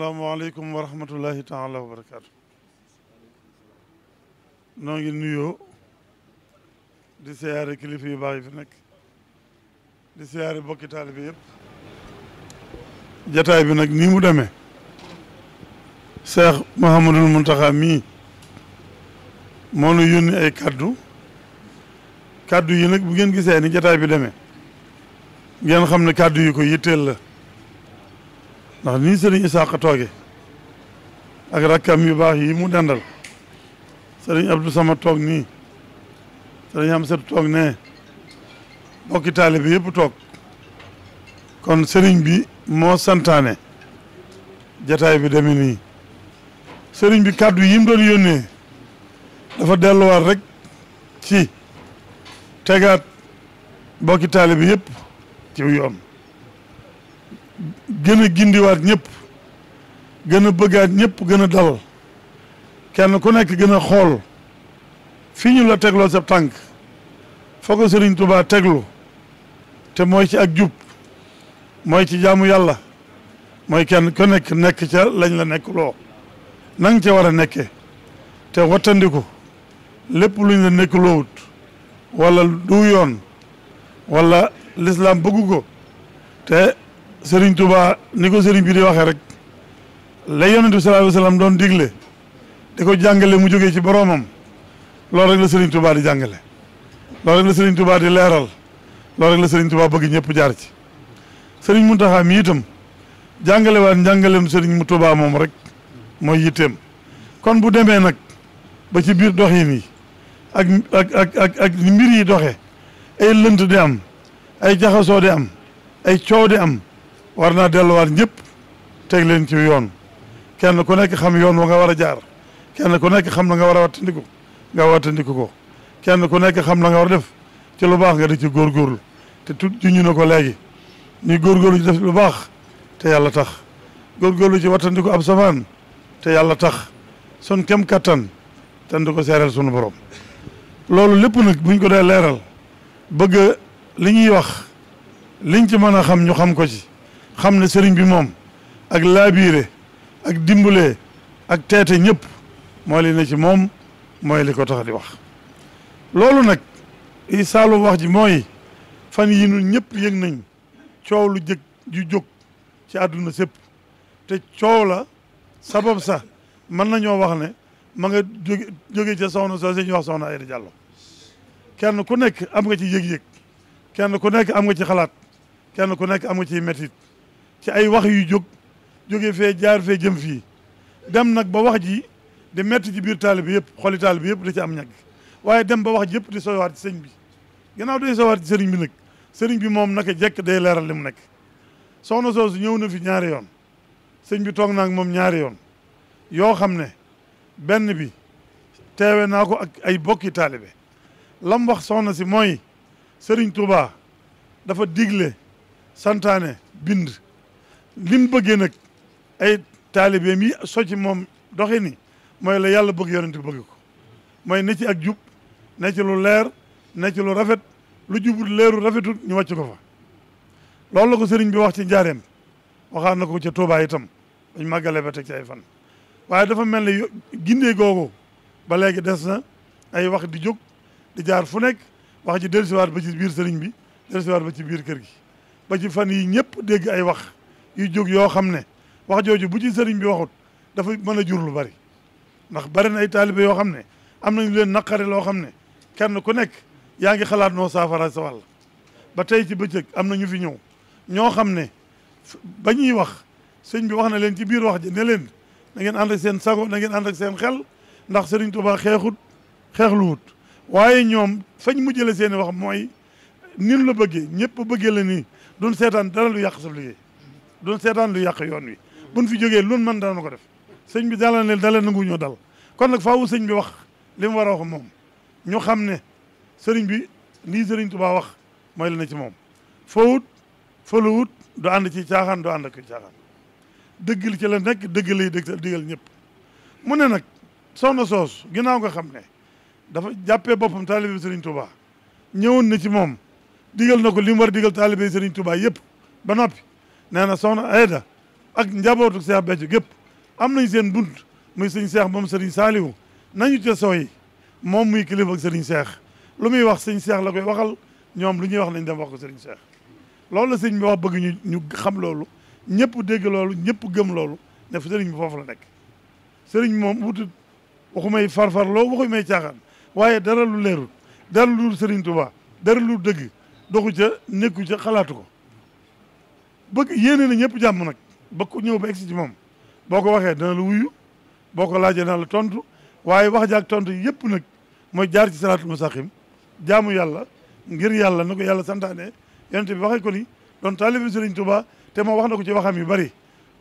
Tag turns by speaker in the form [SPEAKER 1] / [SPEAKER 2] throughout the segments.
[SPEAKER 1] asalaamaaleykum wa rahmatullahi taala wa barakaatu noo nuyoo di siyaare kilifa yu baax yi fi nekk di siyaare bokki taalibe yëpp jataay bi nag nii mu demee Cheikh Mouhamadul Mountakha mii moo nu yónni ay kaddu kaddu yi nag bu ngeen gisee ni jataay bi deme ngeen xam ne kaddu yi ko yitteel la ndax nii sëriñ Isaaqa tooge ak rakkam yu baax yi mu dendal sëriñ Abdou Sama toog nii sëriñ Amsatu toog nee bokki taalibe bi yëpp toog kon sëriñ bi moo santaane jataay bi demee nii sëriñ bi kàddu yim mu doon yónnee dafa delluwaat rek ci tegaat bokki taalibe bi yëpp ci yoon gën gindiwaat ñépp gën bëggaat ñépp gën a dalal kenn ku nekk gën a xool fii ñu la tegloo sa tànk foo ko sëriñ tubaa teglu te mooy ci ak jub mooy ci jaamu yàlla mooy kenn ku nekk nekk ca lañ la nekkuloo loo nang ca war a nekke te wattandiku lépp luñ la nekk loowut wala du yoon wala lislaam bëggu ko te sëriñ Touba ni ko sëriñ bi di waxee rek la yonent bi sallallahu doon digle di ko jàngale mu jógee ci boroomam loolu rek la sëriñ Touba di jàngale loolu rek la sëriñ Touba di leeral loolu rek la sëriñ Touba bëgg ñëpp jaar ci sëriñ Mountakha mi itam jàngale waat njàngaleem sëriñ mu tubaa moom rek mooy yitteem kon bu demee nag ba ci biir doxin yi ak ak yi doxe ay lënt di am ay jaxasoo di am ay coow di am war naa delluwaat ñëpp teg leen ci yoon kenn ku nekk xam yoon wa nga war a jaar kenn ku nekk xam na nga war a wattandiku nga wattandiku ko kenn ku nekk xam na nga war a def ci lu baax nga di ci góorlu te tu juñu na ko léegi ñuy góorgóorlu ci def lu baax te yàlla tax góor góorgóorlu ci wattandiku ab safaan te yàlla tax sun kem kattan te di ko seereel sunu borom loolu lépp nag buñ ko dee leeral bëgg li ñuy wax liñ ci mën a xam ñu xam ko ci xam ne sëriñ bi moom ak laabiire ak dimbale ak teete ñëpp mooy li ne ci moom mooy li ko tax di wax loolu nag i saalum wax ji mooy fan yi nun ñëpp yëg nañ coow lu jëkk ju jóg ci àdduna sëpp te coow la sabab sa mën nañoo wax ne ma nga jóge jóge ca soxna soo si ñu wax soxna Aïda Diallo kenn ku nekk am nga ci yëg-yëg kenn ku nekk am nga ci xalaat kenn ku nekk am nga ci métit ci ay wax yu jóg jóge fee jaar fee jëm fii dem nag ba wax ji di metti ci biir taali bi yëpp xoli taali bi yëpp da ci am ñag waaye dem ba wax ji yëpp di sowaat ci sëñ bi gannaaw day sowaat ci sëriñ bi nag sëriñ bi moom naka jekk day leeral li mu nekk soxna soosu ñëw na fi ñaari yoon sëñ bi toog naa ak moom ñaari yoon yoo xam ne benn bi teewe naa ko ak ay bokki taalibe lam wax soxna si mooy sëriñ Touba dafa digle santaane bind lim bëggee nag ay taalibeem yi so ci moom doxi ni mooy la yàlla bëgg yonent bi bëgg ko mooy ne ci ak jub ne ci lu leer ne ci lu rafet lu jubul leeru rafetul ñu wàcc ko fa loolu la ko sëriñ bi wax ci njaareem waxaan na ko ca Tuubaa itam dañ màggalee ba teg ci ay fan waaye dafa mel ne gindee googu ba léegi des na ay wax di jóg di jaar fu nekk wax ji dellusiwaat ba ci biir sëriñ bi dellusiwaat ba ci biir kër gi ba ci fan yi ñëpp dégg ay wax yu jóg yoo xam ne wax jooju bu ci sëriñ bi waxut dafa mën a jur lu bari ndax bari na ay taalibe yoo xam ne am nañu leen naqare loo xam ne kenn ku nekk yaa ngi xalaat noo saafara sawal ba tey ci bëccëg am na ñu fi ñëw ñoo xam ne ba ñuy wax sëñ bi wax na leen ci biir wax ji ne leen na ngeen ànd seen sago na ngeen ànd ak seen xel ndax sëriñ ba xeexut xeexluwut waaye ñoom fañ mujjale seen i wax mooy nin la bëggee ñëpp bëggee la nii duñ seetaan dara lu yàq sa duñ seetaan lu yàq yoon wi mun fi jógee loolu mën daana ko def sëñ bi dala ne dala nangu ñoo dal kon nag faawu sëñ bi wax li war a wax moom ñu xam ne sëriñ bi lii sëriñ Tuubaa wax mooy la na ci moom fawut faluwut du ànd ci caaxaan du ànd ak caaxaan dëggal ci la nekk dëgg lay dëgg digal ñëpp mu ne nag soxna soos ginnaaw nga xam ne dafa jàppee boppam taalibe sëriñ tubaa ñëwoon na ci moom digal na ko li mu war digal taalibe sëriñ Tuubaa yëpp ba noppi nee na soxna Aida ak njabootu Cheikh Béthio gépp am nañ seen bunt muy sëñ Cheikh moom sëriñ Saliou nañu ca sooy moom muy kilifa ak sëriñ Cheikh lu muy wax sëñ seex la koy waxal ñoom lu ñuy wax nañ dem wax ko sëriñ Cheikh loolu la sëñ bi wax bëgg ñu xam loolu ñëpp dégg loolu ñëpp gëm loolu ne fu sëriñ bi foofu la nekk sëriñ moom wutut waxumay farfar loo waxu may caaxaan waaye dara lu leerul dara lu Sëriñ Tuubaa dara lu dëgg doxu ca nekku ca xalaatu ko bëgg yéene na ñëpp jàmm nag ba ku ñëw ba egsi ci moom boo ko waxee dana la wuyu boo ko laajee dana la tontu waaye wax jaak tontu yëpp nag mooy jaar ci salaatul mustaqim jaamu yàlla ngir yàlla na ko yàlla santaane yonente bi waxee ko ni doon taalibi Serigne Touba te moo wax na ko ci waxam yu bari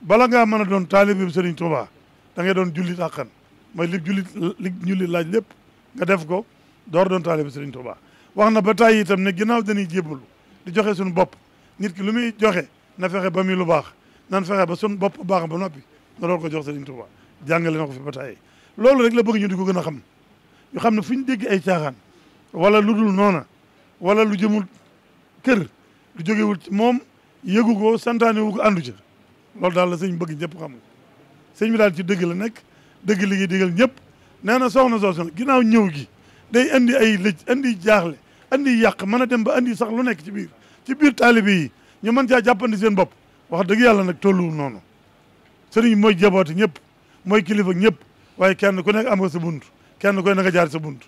[SPEAKER 1] bala ngaa mën a doon taalibi Serigne Touba da ngay doon jullit àqan mooy li jullit li jullit laaj lépp nga def ko door doon taalibi Serigne Touba wax na ba tàyyi itam ne ginnaaw dañuy jébbalu di joxe suñu bopp nit ki lu muy joxe na fexe ba muy lu baax nan fexe ba sun bopp baax ba noppi na door ko jox Serigne Touba jàngale na ko fi ba tey loolu rek la bëgg ñu di ko gën a xam ñu xam ne fu ñu dégg ay caaxaan wala lu dul noona wala lu jëmul kër lu jógewul ci moom yëgu ko santaane wu ko àndu ca loolu daal la sëñ bëgg ñëpp xam nga sëñ bi daal ci dëgg la nekk dëgg li ngi ñëpp nee na soxna soosu ginnaaw ñëw gi day andi ay lëj andi jaaxle andi yàq mën a dem ba andi sax lu nekk ci biir ci biir taalibe yi ñu mën caa jàppandi seen bopp wax dëgg yàlla nag tolluwul noonu sëriñ mooy jaboote ñëpp mooy kilifa ñëpp waaye kenn ku nekk am nga sa bunt kenn koy na jaar sa bunt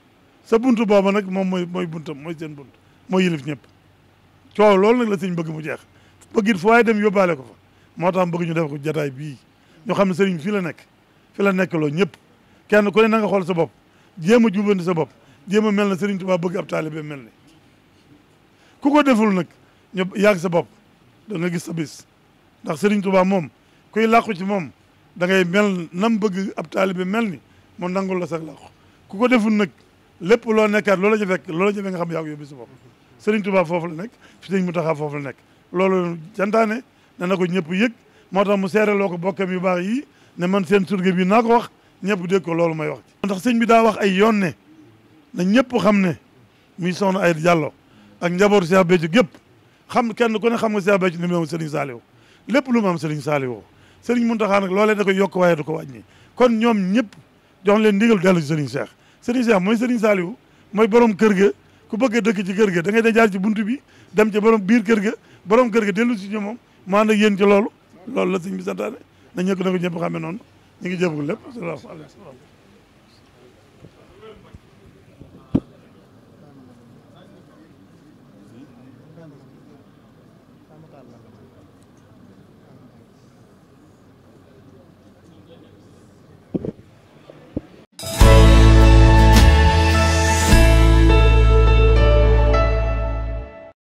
[SPEAKER 1] sa bunt booba nag moom mooy mooy buntam mooy seen bunt mooy yilif ñëpp coow loolu nag la sëriñ bëgg mu jeex bëggit fu waaye dem yóbbaale ko fa moo tax bëgg ñu def ko jataay bii ñu xam ne sëriñ fii la nekk fi la nekk loolu ñëpp kenn ku ne na nga xool sa bopp jéem a jubandi sa bopp jéem a mel na sëriñ Tuubaa bëgg ab taalibe mel ni ku ko deful nag ñu yàgg sa bopp da nga gis sabis ndax Serigne Touba moom kuy làqu ci moom da ngay mel nam bëgg ab taalibe mel ni mu nangul la sax làqu ku ko deful nag lépp loo nekkaat loola ja fekk loola nga xam yaa ko yóbbu si bopp Serigne Touba foofu la nekk fi Serigne Mountakha foofu la nekk loolu jantaane ne ko ñëpp yëg moo tax mu seereloo ko bokkam yu baax yi ne man seen surga bi naa ko wax ñëpp dégg ko loolu may wax ci ndax sëñ bi daa wax ay yoon ne na ñëpp xam ne muy soxna ay jàllo ak njaboot Cheikh Béthio gépp xam kenn ku ne xam nga Cheikh Béthio li mu am Serigne Saliou lépp lu mu am Serigne Saliou Serigne Mountakha nag loolee da yokk waaye du ko wàññi kon ñoom ñëpp jox leen ndigal dellu ci Serigne Cheikh Serigne Cheikh mooy Serigne Saliou mooy borom kër ga ku bëgg a dëkk ci kër ga da ngay da jaar ci buntu bi dem ci borom biir kër ga borom kër ga dellu si ñoom moom mu ànd yéen ci loolu loolu la sëñ bi santaane na ñëkk na ko ñëpp xamee noonu ñu ngi jëfagul lépp salaamaaleykum